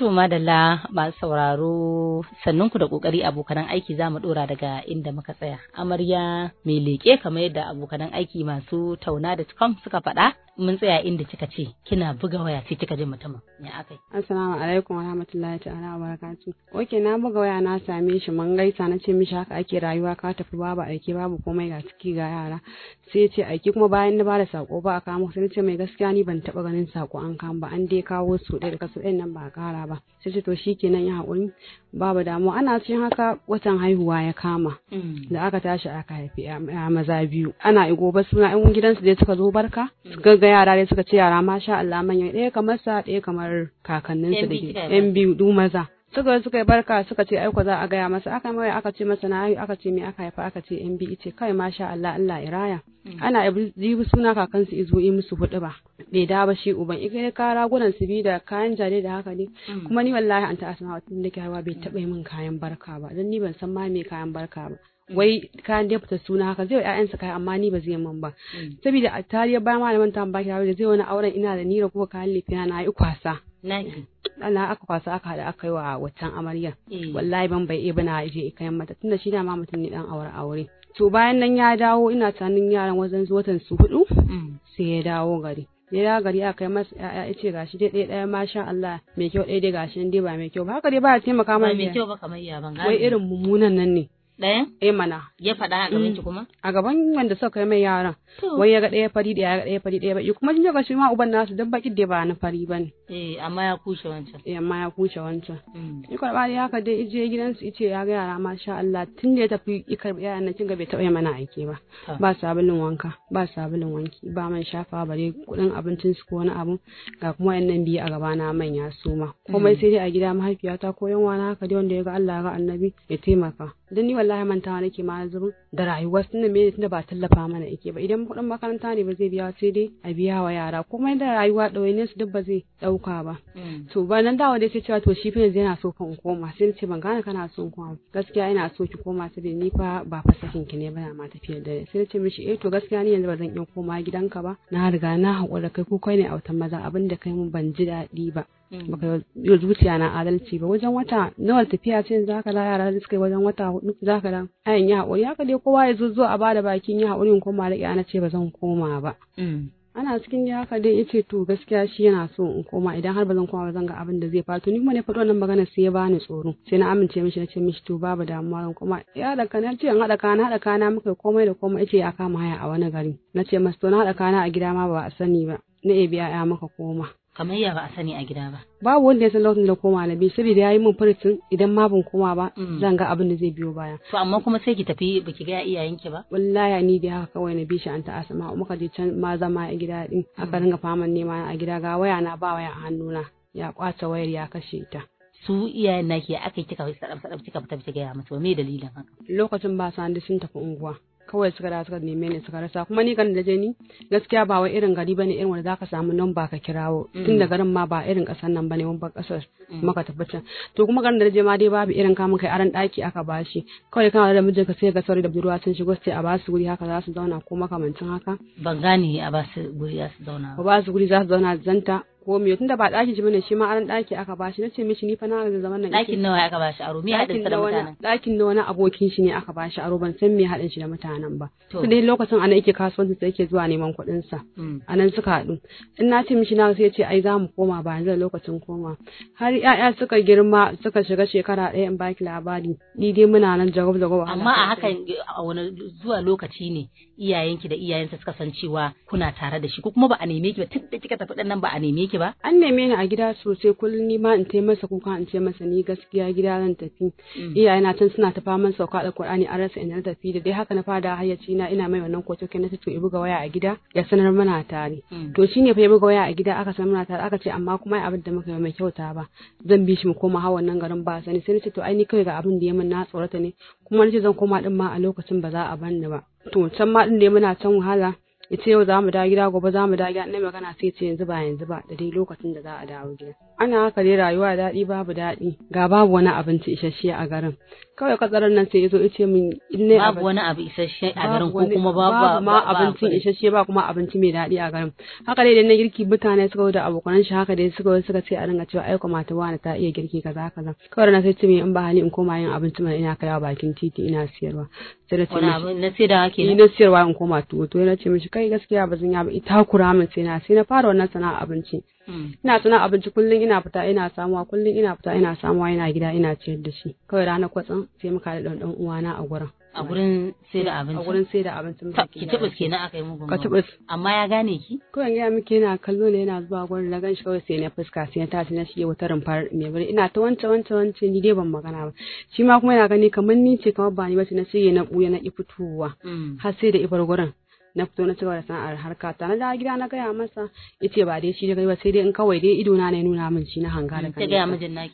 To madalla masu sauraro sannunku da kokari abokanan aiki za mu dora daga inda muka tsaya. Amarya mai leƙe kamar yadda abokanan aiki masu tauna da cikam suka faɗa mun tsaya inda kika ce kina buga waya sai kika ji mutumin ya akai. Assalamu alaikum wa rahmatullahi ta'ala wa barakatuh. Oke na buga waya na same shi mun gaisa na ce mishi haka ake rayuwa ka tafi babu aiki babu komai ga ciki ga yara. Sai ce aiki kuma bayan na bada sako ba a kama sai na ce mai gaskiya ni ban taɓa ganin sako an kama ba an dai kawo su ɗaya da su ɗayan nan ba a kara ba. ba sai ce to shikenan ya haƙuri babu damuwa ana cin haka watan haihuwa ya kama mm. da aka tashi aka haifi a maza biyu ana igo ba suna yan gidansu dai suka zo barka mm. suka ga yara dai suka ce yara masha Allah manyan ɗaya kamar sa ɗaya kamar kakanninsu da yan biyu du maza suka suka yi barka suka ce aiko za a gaya masa aka yi mawai aka ce masa na aka ce me aka haifa aka ce yan biyu ce kai masha Allah Allah raya hmm. ana ibu suna kakansu izu yi musu hudu ba bai da ba shi uban ikai ka gudan su bi da kayan jare da haka ne hmm. kuma ni wallahi an ta asma wata da harwa bai taba min kayan barka ba dan ni ban san ma me kayan barka ba hmm. wai kayan da fita suna haka zai wa su kai amma ni ba zai min ba saboda a tariya bayan malaman ta baki da zai wani auren ina da nira kuka kayan lefiya na yi kwasa na'i ana aka kwasa aka haɗa aka yi wa waccan amaryar eh. wallahi ban bai ibina je kayan mata tunda shi da ma mutum ne dan aure aure to bayan nan ya dawo ina tsanin yaran wajen watan su hudu mm. sai ya dawo gari ya dawo gari aka yi masa ya ce gashi dai ɗaya ɗaya masha Allah mai kyau ɗaya dai gashi dai ba mai kyau ba haka dai ba ya taimaka maka mai kyau ba kamar ya ban wai irin mummunan nan ne ɗayan? Eh mana. Ya faɗa a gaban ki kuma? A gaban wanda suka kai mai yaran. Wai ya ga ɗaya fari daya ya ga ɗaya fari ɗaya ba kuma kin ga shi ma uban nasu dan baki da ba na fari bane. Eh, amma ya kushe wancan. Eh, amma ya kushe wancan. Hmm. Ni karɓa dai haka dai ije gidansu ice ya ga yara masha Allah tun da ya tafi ya karɓi yaran nan kinga bai taɓa mana aiki ba. Ba sabulun wanka, ba sabulun wanki, ba man shafa bare kuɗin abincin su ko wani abu ga kuma nan biyu a gaba na manya su ma. Komai hmm. sai dai a gida mahaifiyata ko yan wani haka dai wanda ya ga Allah ya ga annabi ya taimaka. Dan ni wallahi mantawa nake ma zubin da rayuwar sun me tunda ba tallafa mana yake ba idan kuɗin makaranta ne ba zai biya sai dai a biya wa yara komai da rayuwa ɗauye su duk ba zai ɗauka ɗauka ba mm. to nan dawa dai sai cewa to shi fa yanzu yana so in koma sai ce ban gane kana son koma gaskiya ina so ki koma saboda ni fa ba fa sakin ki ne ba na ma tafiyar dare sai ce mishi eh to gaskiya ni yanzu ba zan iya koma gidanka ba na riga na haƙura kai ko kai ne a wutan maza abin da kai mun ban ji daɗi ba mm. baka yi zuciya na adalci ba wajen wata nawa tafiya ce yanzu haka za yara da suka yi wajen wata hudu za ka dan ayan yi haƙuri haka dai kowa ya zo a bada bakin yi haƙurin koma da ƙyana ce ba zan koma ba mm. ana cikin dai haka dai yace to gaskiya shi yana so in koma idan har bazan koma bazan ga abin da zai faru ni kuma ne faɗi wannan magana sai ya bani tsoro sai na amince mishi nace ce mishi to babu damuwa zan koma ya da kana yace in haɗa kana haɗa kana muka komai da komai yace ya kama haya a wani gari na ce masa to na haɗa kana a gida ma ba a sani ba na ebi ya maka koma kamar ya ba a sani a gida ba babu wanda ya san lokacin da koma na biyu saboda yi min furcin idan ma ban koma ba mm. zan ga abin da zai biyo baya to amma kuma sai ki tafi baki ga iyayenki ba wallahi ni da haka kawai na bi shi an ta asama muka je can ma zama a gida din aka mm. ringa faman nema a gida ga waya na ba waya a hannuna ya kwace wayar ya kashe ta su iyayen ke aka yi kika sadam sadam kika fita kika gaya musu me dalilin haka lokacin ba sa sun tafi unguwa kawai suka da suka neme ne suka rasa kuma ni kan da je ni gaskiya ba wai irin gari bane irin wanda zaka samu nan ba ka kirawo mm. tun da garin ma ba irin kasan nan bane wani kasar maka mm. tabbacin to kuma garin da je ma dai babu irin kamun kai aran daki aka bashi kawai kana da ka sai ga sauri da budurwa sun shigo sai a basu guri haka za su zauna ko makamancin haka ban gane a basu guri za su zauna ba basu guri za su zauna zanta ko me tunda ba ɗakin shi bane shi ma an ɗaki aka bashi nace mishi ni fa na ga zaman nan ɗakin nawa aka bashi aro me haɗin da mutanen ɗakin na wani abokin shi ne aka bashi aro ban san me haɗin shi da mutanen ba to dai lokacin ana yake kasuwanci sai yake zuwa neman kuɗin sa mm. anan suka haɗu in na ce mishi na sai ya ce ai za mu koma ba yanzu lokacin koma har ƴaƴa suka girma suka shiga shekara ɗaya in baki labari ni dai muna nan jagab jagab amma a hakan a wani zuwa lokaci ne iyayenki da iyayensa suka san cewa kuna tare da shi ko kuma ba a neme ki ba tun da kika tafi dan nan ba a neme ki ba an neme ni a gida sosai kullum ni ma in ce masa kuka in ce masa ni gaskiya gida zan tafi mm. iyayena tun suna tafa min sauka da Qur'ani an rasa ina tafi da dai haka na fada hayyaci na ina mai wannan kotoke na to buga waya a gida ya sanar mana tare mm. to shine fa buga waya a gida aka sanar mana tare aka ce amma kuma abin da muka mai kyauta ba zan bi shi mu koma hawan nan garin ba sani sai na ce to ai ni kai ga abin da ya mun na tsorata ne kuma na ce zan koma din ma a lokacin ba za a banni ba to can ma din dai muna can wahala ya ce yau za mu dawo gida gobe za mu dawo gida ina magana sai ce yanzu ba yanzu ba da dai lokacin da za a dawo gida ana haka dai rayuwa daɗi babu daɗi ga babu wani abinci isasshe a garin kawai katsarar nan sai ya zo ya ce min ne babu wani abu isasshe a garin ko kuma babu ma abincin isasshe ba kuma abinci mai daɗi a garin haka dai da na girki mutane suka da abokan shi haka dai suka suka ce a ringa cewa kuma ta wani ta iya girki kaza kaza kawai na sai ce min in ba hali in koma yin abinci mai ina kaiwa bakin titi ina siyarwa sai na ce mishi na siyarwa ke ina siyarwa in koma tuwo to na ce mishi kai gaskiya ba zan ya ba ita kura min sai na sai na fara wannan sana'a abinci ina tuna abinci kullum ina fita ina samuwa kullum ina fita ina samuwa ina gida ina ciyar da shi kawai rana kwatsam sai muka da uwa uwana a gurin a gurin sai da abinci a gurin sai da abinci ki tubus kenan aka yi mugun ka tubus amma ya gane ki kawai ga miki yana kallo ne yana zuwa gurin na ganshi kawai sai na fuska sai na tashi na shige wata rumfar me bari ina ta wance wance wance ni dai ban magana ba shi ma kuma yana gani kamar ni ce kamar ba ni ba sai na shige na buya na ki mm. har sai da ibar gurin na fito na cigaba da sana'ar harka ta na da gida na gaya masa yace ba dai shi da ba sai dai in kawai dai ido na nuna min shi na hanga da mm, kan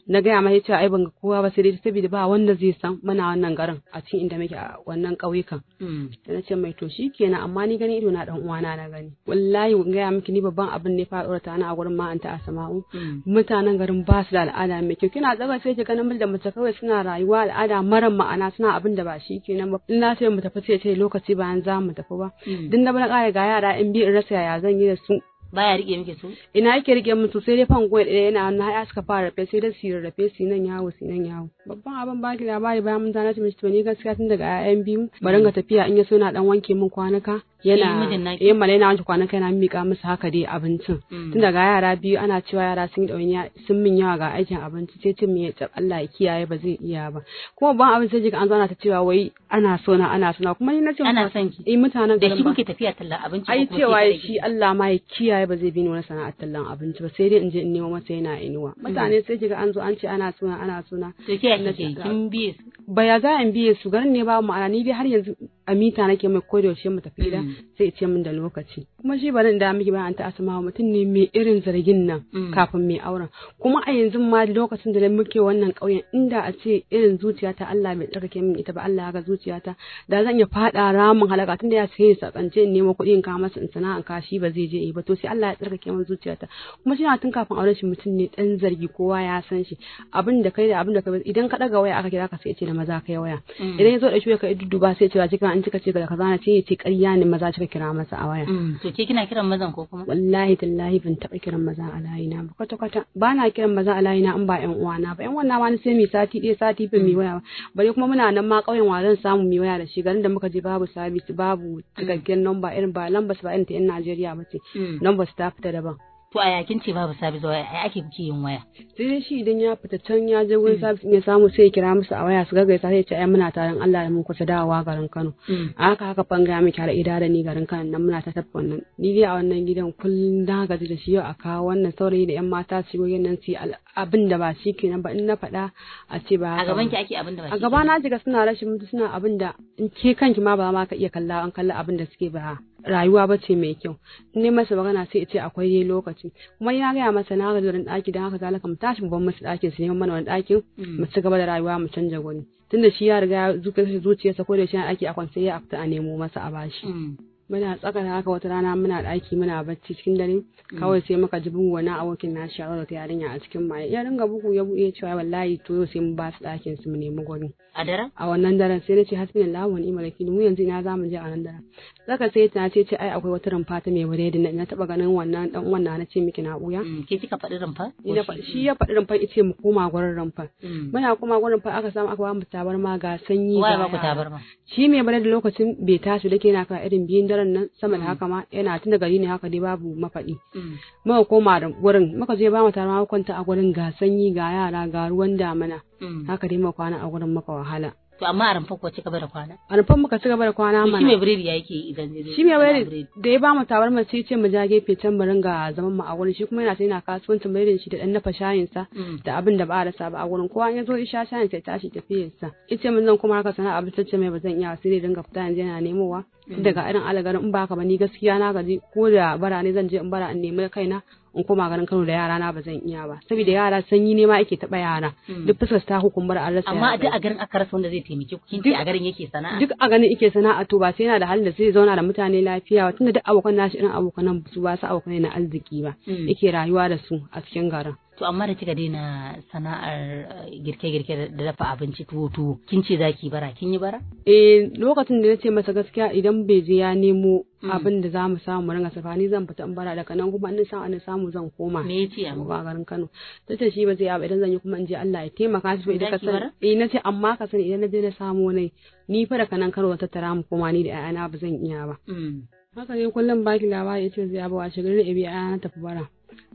na gaya masa yace ai ban ga kowa ba sai dai saboda ba wanda zai san muna wannan garin a cikin inda muke a wannan ƙauyukan mm. da na ce mai to shikenan amma ni gani ido na dan uwana na gani wallahi in gaya miki ni babban abin ne faɗuwar ta na a gurin ta a sama'u mm. mutanen garin ba su da al'ada mai kyau kina tsaga sai ki ganin da mace kawai suna rayuwa al'ada mara ma'ana suna abin da ba shi kenan ba in na sai mu tafi sai ce lokaci bayan za mu tafi ba din na na ƙara ga yara in bi in rasa yaya zan yi da su baya rike miki su ina yake rike min su sai dai fan goyi ɗaya yana hannu har suka fara rafe sai dai su rafe su nan yawo su nan yawo babban abin baki labari bayan mun tana mishi to ni gaskiya tun daga ƴaƴan biyu bari ga tafiya in ya so na dan wanke min kwanuka yana eh mala yana wanke kwanuka yana mika musu haka dai abincin mm. tun daga yara biyu ana cewa yara sun yi ɗauniya sun min yawa ga aikin abinci sai cin ya tsab Allah ya kiyaye ba zai iya ba kuma babban abin sai jiga an zauna ta cewa wai ana so na ana so na kuma ni na ce ana son ki eh mutanen garin ba da shi muke tafiya talla abinci ai cewa shi Allah ma ya kiyaye yaya ba zai bi ni wani sana'ar tallan abinci ba sai dai in je in nemo masa yana inuwa mm. mutane sai kiga an zo an ce ana suna ana suna to ke kin biye su ba ya za in biye su garin ne ba mu ana ni dai har yanzu amita nake mai ko da yaushe mu tafi gida mm. sai ce min da lokaci kuma shi bari da miki bayan ta asma mutum ne mai irin zargin nan mm. kafin mai auren kuma a yanzu ma lokacin da muke wannan ƙauyen inda a ce irin zuciyata Allah bai tsarkake min ita ba Allah ya ga zuciyata da zan iya fada ramin halaka da ya sai sakance in nemo kuɗi in kawo masa in in ka shi ba zai je yi ba to sai Allah ya tsarkake min zuciyata kuma shi tun kafin auren shi mutum ne dan zargi kowa ya san shi abin da kai da abin da kai idan ka ɗaga waya aka kira ka sai ce da maza kai waya mm. idan ya zo ɗauki waya ka duduba sai ce ba an cika ce kaza na ce ya ce ƙarya ne maza cika kira masa a waya mm, to ke kina kiran mazan ko kuma wallahi tallahi ban taɓa kiran maza a layina ba kwata kwata ba na kiran maza a layina in ba ƴan uwana ba ƴan uwana ma sai mi sati ɗaya sati bin mi mm. waya ba bare kuma muna nan ma ƙauyen wa zan samu mi waya da shi garin da muka je babu sabis babu mm. cikakken nomba irin ba lambas ba irin ta 'yan Najeriya ba ce lambas ta fita daban ko a yakin ce babu sabis waya ake kuke yin waya sai dai shi idan ya fita can ya je wurin sabis ya samu sai kira musu a waya su gaggaisa sai ya ce ai muna taron Allah ya mun kusa dawowa garin Kano mm. a haka haka fanga miki har ida da ni garin Kano nan muna ta tafi wannan ni dai a wannan gidan kullum na gaji da shi yau a kawo wannan saurayi da yan mata su yi nan su abin da ba shi kenan ba in na faɗa a ce ba a gaban ki ake abin da ba a gaba na jiga suna rashin mutu suna abin da in ke kanki ma ba ma ka iya kalla an kalla abin da suke ba rayuwa ba ce mai kyau in ne masa magana sai ya ce akwai dai lokaci kuma ya gaya masa na ga wani daki dan haka zalaka mu tashi mu ban musu ɗakin su neman mana wani dakin mm. mu ci gaba da rayuwa mu canja gwani tunda shi ya riga zuciyarsa ko da shi ake ɗaki a ya afta a nemo masa a bashi. Mm. muna tsaka da haka wata rana muna ɗaki muna bacci cikin dare mm. kawai sai muka ji bugu wani abokin na shi da ta yarinya a cikin maye ya ringa bugu ya buɗe cewa wallahi to yau sai mu ba su ɗakin su mu nemi gurin a daren a wannan daren sai nace hasbin Allah wani ni'mal wakil mu yanzu ina zamu je a nan daren tsaka sai ta ce ai akwai wata rumfa ta mai biredi na taba ganin wannan dan wannan na ce miki na buya mm, ke kika faɗi rumfa shi ya faɗi rumfa yace mu koma gurin rumfa mm. muna koma gurin rumfa aka samu aka ba mu tabarma ga sanyi ga shi mai da lokacin bai tashi ke na ka irin biyin daren nan sama da mm. haka ma yana tun da gari ne haka dai babu mafaɗi mm. muka koma da wurin muka je ba mu tara kwanta a gurin ga sanyi ga yara ga ruwan damina mm. haka dai muka kwana a wurin muka wahala To amma a rumfa ko ci gaba da kwana? A rumfa muka ci gaba da kwana mana. Shi mai biredi ya yake idan zai Shi mai biredi da ya ba mu tawar mu sai ce mu ja gefe can mu ringa zaman mu a wurin shi kuma yana sai yana kasuwancin biredin shi da dan nafa shayin sa mm. da abin da ba da sa. ba a wurin kowa ya zo ya sha shayin sai tashi tafiyar sa. Ice mun zan kuma haka sana'a abin ce mai ba zan iya sai dinga fita yanzu yana nemowa. Mm. Daga irin alagarin in ba ka ba ni gaskiya na gaji ko da bara ne zan je in bara in nemi kaina in koma garin Kano da yara na ba zan iya ba saboda yara sanyi ne ma ake taba yara hmm. duk fuskar ta hukumar an rasa amma duk a garin aka rasa wanda zai taimake ku kin a garin yake sana'a duk a ganin yake sana'a to ba sai yana da halin da zai zauna da mutane lafiya ba tunda duk abokan nashi irin abokan nan su ba su abokan na arziki ba hmm. yake rayuwa da su a cikin garin to amma da kika daina sana'ar eh, girke-girke da dafa abinci tuwo-tuwo kin ce za ki bara kin yi bara? eh lokacin da na ce masa gaskiya idan bai je ya nemo mm. abin da za mu samu ringa safa ni zan fita in bara daga nan kuma in san an samu zan koma me yace amma ba garin Kano tace shi ba zai yaba idan zan yi kuma in je Allah ya taimaka shi idan ka san eh nace amma ka san idan na je na samu nai ni fa daga nan Kano ta tara mu koma ni da ayana ba zan iya ba mm. haka ne kullum baki labari yace zai yaba wa shigar da ibi ayana tafi bara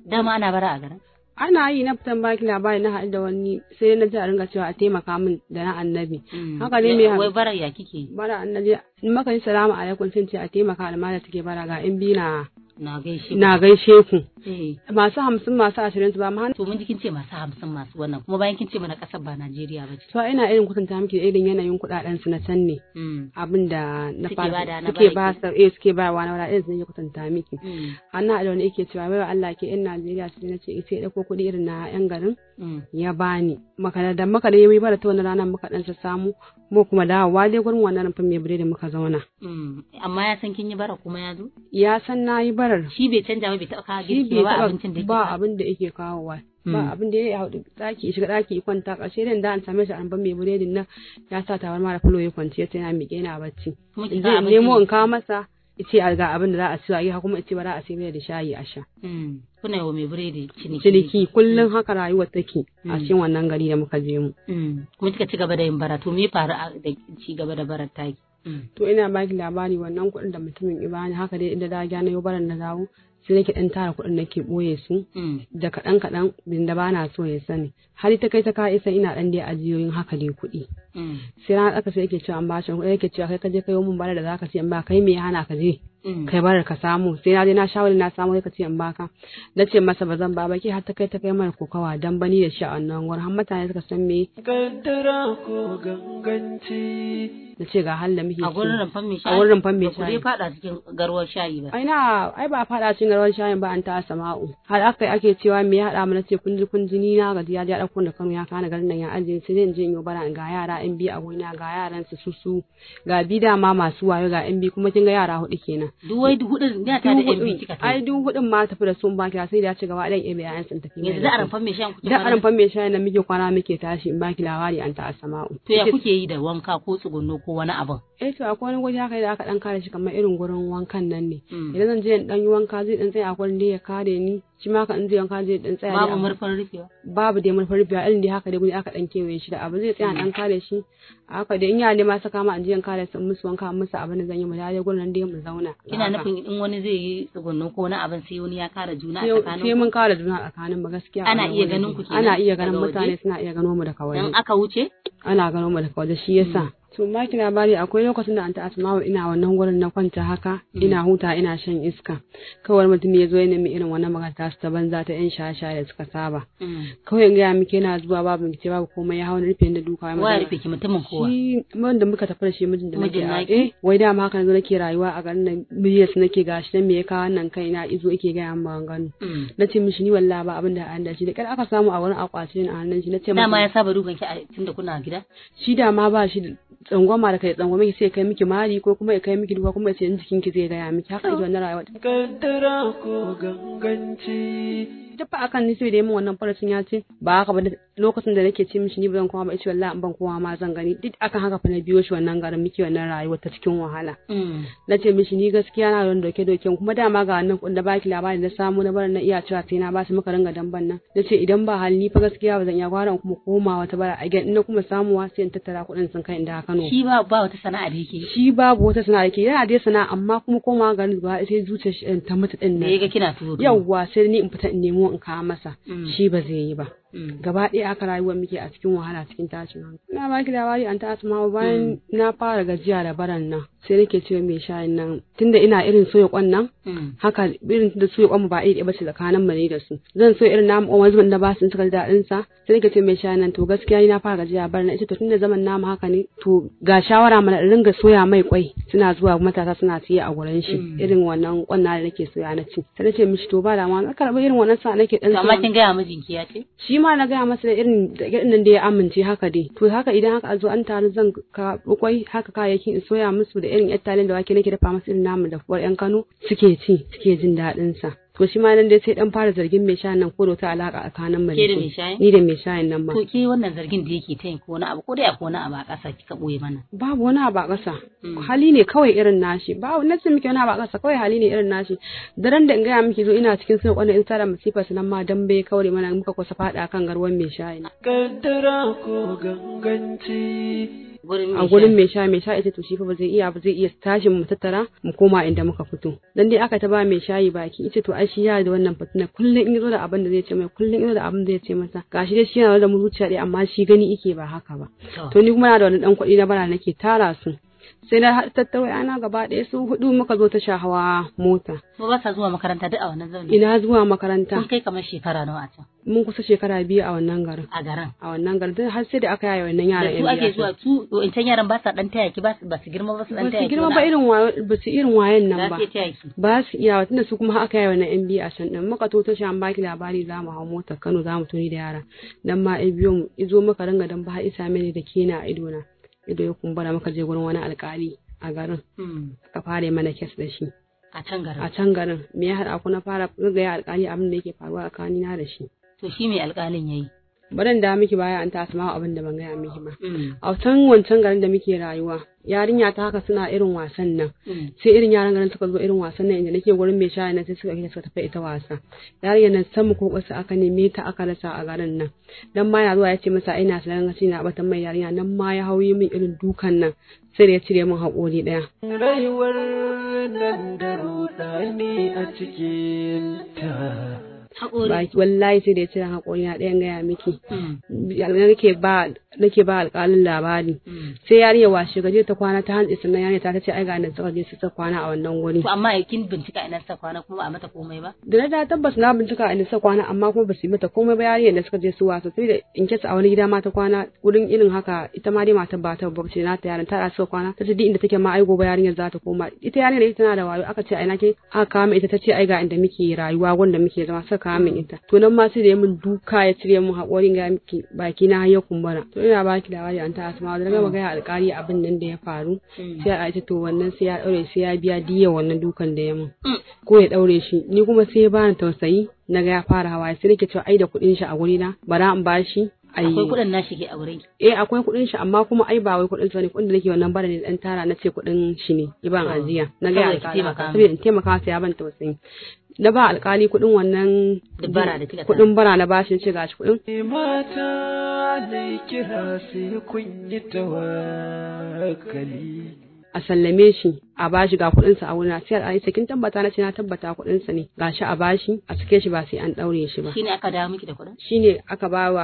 dama ana bara a garin ana yi na fitan baki labari na haɗu da wani sai na ji a ringa cewa a taimaka min da na annabi mm. haka ne mai wai bara ya kike bara annabi in maka yi salamu alaikum sun ce a taimaka almada take bara ga in bi na na gaishe ku eh. masu hamsin masu ashirin su ba mahan to mun ji kin ce masu hamsin masu wannan kuma bayan kin ce mana kasar ba Najeriya ba to ina irin kusanta miki irin yanayin kudaden su na can ne mm. abinda da na fara suke ba sa eh suke ba wa na wala irin zai kusanta miki anna da wani yake cewa bai Allah ke in Najeriya sai na ce sai ko kudi irin na yan garin mm. ya bani maka da maka da yayi bara ta wannan ranar muka dan samu mu kuma dawowa dai gurin wannan rufin mai bire da muka zauna. Mm. Amma ya san kin yi bara kuma ya zo? Ya san na yi barar. Shi bai canja ba bai taɓa kawo girki ba abincin da ba abin da yake Ba mm. abin da ya haɗu ɗaki shiga ɗaki kwanta ƙarshe da an same shi an ban mai buredin nan ya sa tabarma da fulo ya kwanci ya yana miƙe gina bacci. Zai nemo in kawo masa ce ga abin da za a siya yi kuma ce ba za a mai da shayi a sha. Mm. Kuna yi wa mai biredi ciniki. Ciniki kullum haka rayuwar take a cikin wannan gari da muka je mu. Kuma kika ci gaba da yin bara to me faru da ci gaba da barar taki? to ina baki labari wannan kuɗin da mutumin ibani haka dai inda da na yau baran na dawo sai nake dan tara kuɗin nake boye su mm. da kaɗan kaɗan bin da bana so ya sani har ta kai ta ka isa ina dan dai ajiyoyin haka dai kuɗi mm. sai na aka sai yake cewa an bashi kuɗi yake cewa kai ka je kai mun bara da zaka siya ba kai me hana ka je Mm. kai bar ka samu sai na je na shawari na samu kai ka ce in baka na ce masa ba zan ba baki har ta kai ta kai mana kokawa dan bani da shi a wannan gwar har mutane suka san me kaddara ko ganganci na ce ga halin da muke a gurin rumfan mai shayi a gurin shayi ba ku fada cikin garwar shayi ba A ai ba fada cikin garwar shayi ba an ta sama'u har aka ake cewa me ya hada mu ce kun ji kun na ga ya ja dauko da kanu ya kana garin nan ya aje sai zan je in yi bara ga yara in bi a gona ga yaran su su ga bi da ma masu wayo ga in bi kuma kin ga yara hudu kenan duwai du hudun da ta da MB kika ta ai du hudun ma tafi da sun baki kila sai da ya ci gaba dan MB an sun tafi yanzu da aran me shayan kuke da aran fan me nan muke kwana muke tashi in ba kila an ta asama'u to ya kuke yi da wanka ko tsugunno ko wani abin eh to akwai wani gwaji haka da aka dan kare shi kamar irin gurin wankan nan ne mm. idan zan je in dan yi wanka zai dan tsaya akwai gurin ya kare ni shi ma haka in zai yanka zai dan tsaya babu murfin rufewa babu dai murfin rufewa irin dai haka dai guri aka dan kewaye shi da abu zai tsaya dan kare shi haka dai in ya ne ma saka ma an je yanka da sun musu wanka musu abin da zan yi mu da dai gurin dai mu zauna kina nufin in wani zai yi tsugunno ko wani abin sai wani ya kara juna a tsakanin sai mun kara juna a tsakanin mu gaskiya ana iya ganin ku kenan ana iya ganin mutane suna iya gano mu da waje in aka wuce ana gano mu da waje shi yasa to ba ki labari akwai lokacin da anta asma'u ina wannan gurin na kwanta haka mm. ina huta ina shan iska kawai mutum ya zo ya nemi irin wannan makaranta ta banza ta yan shasha da suka saba mm. kawai in gaya muke yana zuwa babu mace babu komai ya hawa rufe da duka wai rufe ki mutumin kowa shi da muka tafi da shi mijin da muke a eh wai dama haka nazo nake rayuwa a garin nan biyas nake gashi nan me ya kawo wannan kai na izo yake gaya an gano mm. nace mishi ni wallahi ba abin da an da shi da kar aka samu a wurin akwatin a nan shi nace dama ya saba dukan ki a tunda kuna gida shi dama ba shi tsangwama da kai tsangwama ki sai kai miki mari ko kuma ya kai miki duka kuma sai jikin ki zai gaya miki haka ita wannan rayuwa kaddara ko ganganci jaffa akan ni sai da yamin wannan farcin ya ce ba haka ba lokacin da nake ce mishi ni ban kuma ba ce wallahi ban kuma ma zan gani duk akan haka fa na biyo shi wannan garin miki wannan rayuwa ta cikin wahala mm. na ce mishi ni gaskiya na don doke doke kuma dama ga wannan kun da baki labari na samu na bar na iya cewa sai na ba su muka ringa damban nan na ce idan ba hali ni fa gaskiya ba zan iya gwara kuma komawa ta bara a gidan ina kuma samuwa sai in tattara kuɗin sun kai inda Kano shi ba ba wata sana'a da yake shi ba wata sana'a yake yana dai sana'a amma kuma koma garin sai zuciyar eh, ta mutu din nan da yaga kina turo yawwa sai ni in fita in nemo in ka masa mm. shi ba zai yi ba Mm. gaba ɗaya aka rayuwar muke a cikin wahala cikin tashin hankali na baki labari an ta asma bayan mm. na fara gajiya da baran nan sai nake cewa mai shayin nan tunda ina irin soya kwan nan mm. haka irin da soya kwan ba iya ba ce tsakanin mu ne da su zan so irin namu wani zubin da ba su cikar daɗin sa sai nake cewa mai shayin nan to gaskiya ni na fara gajiya baran nan ita to tunda zaman namu haka ne to ga shawara mana ringa soya mai kwai suna zuwa matasa suna siya a gurin shi irin wannan kwan na da nake soya na ci sai nace mishi to ba da ma karɓi irin wannan sa nake ɗan. amma kin gaya mijinki ya ce ma na gaya masa da irin da irin da ya amince haka dai to haka idan haka a zo an taru zan ka kwai haka kayayyakin in soya musu da irin yar talin da wake nake dafa masu irin namu da fuwar yan Kano suke ci suke jin daɗin sa to shi ma nan dai sai dan fara zargin mai shayin nan ko da wata alaka a kanan mai shayin ni da mai shayin nan ma to ke wannan zargin da yake tayin ko wani abu ko da ya ko abu a ƙasa kika boye mana babu wani abu a ƙasa hmm. hali ne kawai irin nashi babu nace miki wani abu a ƙasa kawai hali ne irin nashi da ran da in ga miki zo ina cikin sunan wannan Instagram masifar nan ma dan bai kawai mana muka kusa fada kan garwan mai shayin kaddara ko ganganci a gurin mai sha mai sha ita to shi fa ba zai iya ba zai iya tashin mu tattara mu koma inda muka fito dan dai aka ta ba mai shayi baki ita to ai shi ya da wannan fitina kullun in zo da abin da zai ce mai kullun in zo da abin da zai ce masa gashi dai shi yana da mu zuciya dai amma shi gani yake ba haka ba to ni kuma na da wani dan kuɗi na bana nake tara su sai na tattawai ana gaba ɗaya su hudu muka zo ta sha hawa mota. Ko ba sa zuwa makaranta duk a wannan zaune? Ina zuwa makaranta. Kun kai kamar shekara nawa a can? Mun kusa shekara biyu a wannan garin. A garin? A wannan garin duk har sai da aka yaya wannan yaran. Da su ake zuwa su wancan yaran ba sa dan taya ki ba su girma ba su dan taya ki. Ba su girma ba irin ba su irin wayan nan ba. Ba su iya tunda su kuma aka yaya wannan yan biyu a can din muka to ta sha ba ki labari za mu hau mota Kano za mu tuni da yara. Dan ma ai biyo mu izo muka ringa dan ba isa mini da kena a idona. ido ya kumbura muka je gurin wani alkali a garin hmm. aka fara mana kes da shi a can garin a can garin me ya haɗa ku na fara ya alkali abin da yake faruwa a kanina da shi to shi me alkalin yayi bari da miki baya an ta sama abin da ban gaya miki ba mm. a san wancan garin da muke rayuwa yarinya ta haka suna irin wasan nan mm. sai irin yaran garin suka zo irin wasan nan inda nake gurin mai shayi nan sai suka kike suka tafi ita wasa yarinya nan san mu ko kwasa aka neme ta aka rasa a garin nan dan ma ya zuwa ya ce masa ina sanan shi na batan mai yarinya nan ma ya hauyi min irin dukan nan sai da ya cire min hakori daya rayuwar nan da rudani a cikin ta haƙori wallahi sai da ya cire haƙori na ɗayan gaya miki hmm. nake ba ba alƙalin labari hmm. sai yarinya washe gaje ta kwana ta hantsi sannan yarinya ta ce ai ga nan suka je su ta kwana a wannan wuri amma kin bincika ina suka kwana kuma ba a mata komai ba da na tabbas na bincika ina suka kwana amma kuma ba su yi mata komai ba yarinya da suka je su wasa sai da in kesa a wani gida ma ta kwana wurin irin haka ita ma dai matar ba ta babbace na ta yaran ta da suka kwana ta ce duk inda take ma ai gobe yarinyar za ta koma ita yarinya da ita tana da wayo aka ce ai nake aka kama ita ta ce ai ga inda muke rayuwa wanda muke zama suka samun ita to nan ma sai da ya duka ya cire min haƙorin ga miki baki na ya kumbura to ina baki labari an ta asma da gama gaya alƙali abin nan da ya faru mm. sai a ita to wannan sai ya daure sai ya biya diya wannan dukan da ya min mm. ko ya daure shi ni kuma sai ya bani tausayi na ga ya fara hawa sai nake cewa ai da kuɗin shi a gurina bara in bashi akwai kuɗin nashi ke a wurin eh akwai kuɗin shi amma kuma ai ba wai kuɗin sa ne kuɗin da nake wannan bara ne dan tara na ce kuɗin shi ne iban ah. ajiya na ga alƙali sai in taimaka sai ya ban wasu na ba alƙali kuɗin wannan kuɗin bara na bashi ce gashi kuɗin mata ne kira sai kun yi tawakkali a sallame shi a bashi ga kuɗinsa a wurin sai a yi kin tabbata na ce na tabbata kuɗinsa ne gashi a bashi a cike shi ba sai an ɗaure shi ba. Shine aka dawo miki da kuɗin? Shine aka ba wa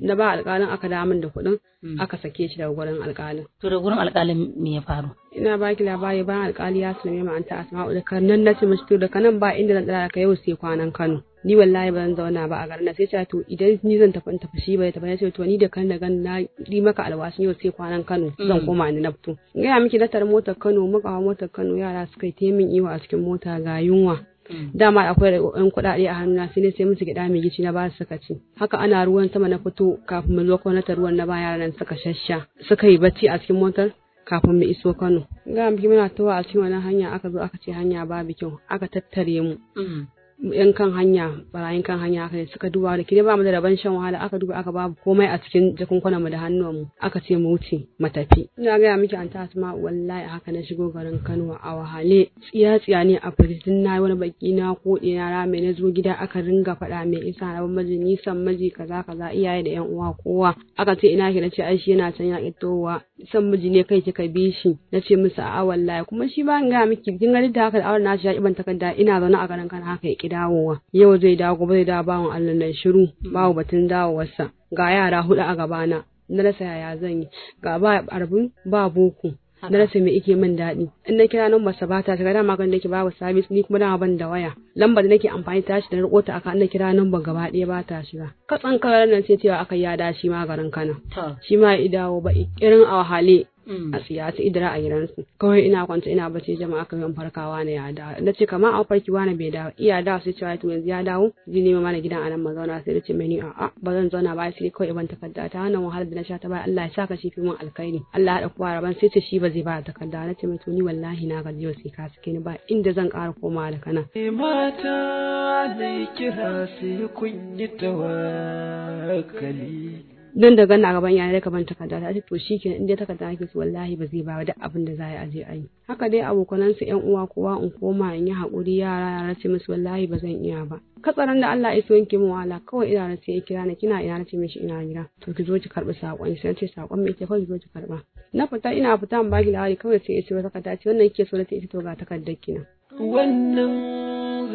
da hmm. ba alƙalin aka dawo min da kuɗin hmm. aka sake shi daga gurin alƙalin. To da gurin alƙalin me ya faru? Ina ki labari bayan alƙali ya sallame ma an ta asma'u da kan nan na ce mashi to daga nan ba inda zan tsara ka yau sai kwanan Kano. ni wallahi ba zan zauna ba a garin nan sai ce to idan ni zan tafi tafi shi bai tafi sai to ni da kan gan na yi maka alwashi yau sai kwanan Kano mm. zan koma ni naftu gaya miki na tar motar Kano muka hawo motar Kano yara suka yi temin iwa a cikin mota ga yunwa mm. dama akwai yan kuɗaɗe a hannuna sai ne sai musu gida mai gici na ba su suka ci haka ana ruwan sama na fito kafin mu zo na ta ruwan na ba yaran suka shasha suka yi bacci a cikin motar kafin mu iso Kano. Ga miki muna tawa a cikin wannan hanya aka zo aka ce hanya babu kyau aka tattare mu. Mm. yan kan hanya barayin kan hanya haka ne suka duba da ki ba mu da rabon shan wahala aka duba aka babu komai a cikin kwana mu da hannuwan mu aka ce mu wuce matafi ina ga miki an asma wallahi haka na shigo garin Kano a wahale tsiya tsiya ne a firjin na wani baki na ko ina rame na zo gida aka ringa faɗa mai isa na maji nisan maji kaza kaza iyaye da yan uwa kowa aka ce ina ki na ce ai shi yana can ya kitowa san miji ne kai kika bi shi na ce a a'a wallahi kuma shi ba ga miki kin ga da haka da awar na shi ya iban takarda ina zaune a garin Kano haka ya dawowa yau zai dawo gobe zai dawo bawan Allah nan shiru babu batun dawowarsa ga yara hudu a gabana na rasa yaya zan yi ga ba arbin ba boko na rasa me ike min daɗi in na kira nan basa bata ta dama kan nake babu sabis ni kuma dama ban da waya lambar da nake amfani tashi da riko ta aka na kira nan ban gaba ɗaya ba ta shiga katsan karar nan sai cewa aka yada shi ma garin kana shi ma ya dawo ba irin a wahale Mm. a siyasa idra a gidansu kawai ina kwanta ina bacci jama'a kan yan farkawa ne ya dawo na ce kamar an farki wani bai dawo iya dawo sai cewa to yanzu ya dawo ji nema mana gidan anan mu zauna sai da ce mani a'a ba zan zauna ba sai kawai ban takarda ta wannan wahalar da na sha ta ba Allah ya saka shi fi mun alkhairi Allah ya da kowa raban sai ce shi ba zai ba takarda na ce mai to ni wallahi na gaji sai ka suke ni ba inda zan ƙara koma da kana mata ne kira sai kun yi tawakkali dan da ganna gaban yana ka ban takarda ta to shikenan in dai takarda ake so wallahi ba zai ba da abin da za a je a yi haka dai abokanan su yan uwa kowa in koma in yi hakuri yara ya ce musu wallahi ba zan iya ba katsaran da Allah ya so yanke mu wala kawai ina race ya kira ni kina ina race mishi ina gida to ki zo ki karbi sakon sai ce sakon me ke kawai zo ki karba na fita ina fita in baki lawali kawai sai ya ce takarda ce wannan kike so ta ita to ga takardar ki kina wannan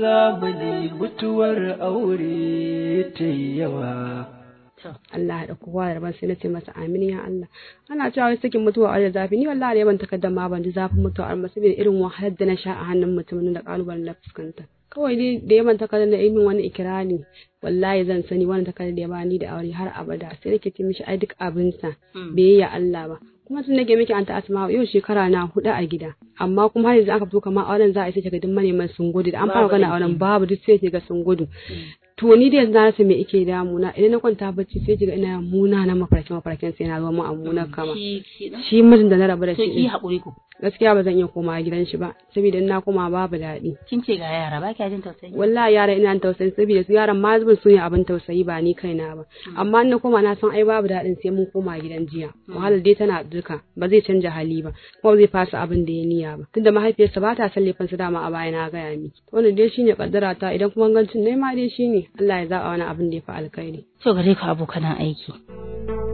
zamani mutuwar aure ta yawa Allah d'a kowa da rabon sai na ce masa amin ya Allah ana cewa wai sakin mutuwa a zafi ni wallahi ne yawan takaddan ma ban ji zafin mutuwa masu bin irin wahalar da na sha a hannun mutumin da kalubalen na fuskanta kawai ne da yaman takardar na imin wani ikirani wallahi zan sani wani takardar da ya bani da aure har abada sai nake ce mishi ai duk abinsa hmm. bai ya Allah ba kuma tun nake miki anta asma yau shekara na hudu a gida amma kuma har yanzu aka fito kamar auren za a yi sai ga duk maneman sun gudu da an fara gana auren babu duk sai ga sun gudu hmm. to ni da yanzu na rasa me yake damuna idan na kwanta bacci sai kiga ina muna na mafarkin mafarkin sai na zo mu amuna mm, kama shi mijin da na rabu da shi ki hakuri ko gaskiya ba zan iya koma gidan shi ba saboda na koma babu daɗi kin ce ga yara ba kya jin tausayi wallahi yara ina tausayi saboda su yaran ma zubin su ne abin tausayi ba ni kaina ba mm. amma na koma na san ai babu daɗin sai mun koma gidan jiya mm. wahalar dai tana duka ba zai canja hali ba kuma zai fasa abin da ya niya ba tunda mahaifiyarsa ba ta san laifin su dama a baya na gaya miki wannan dai shine kaddara ta idan kuma gancin ne ma dai shine Allah ya zaɓa wani abin da ya fi alkhairi. To gare ku abokan aiki.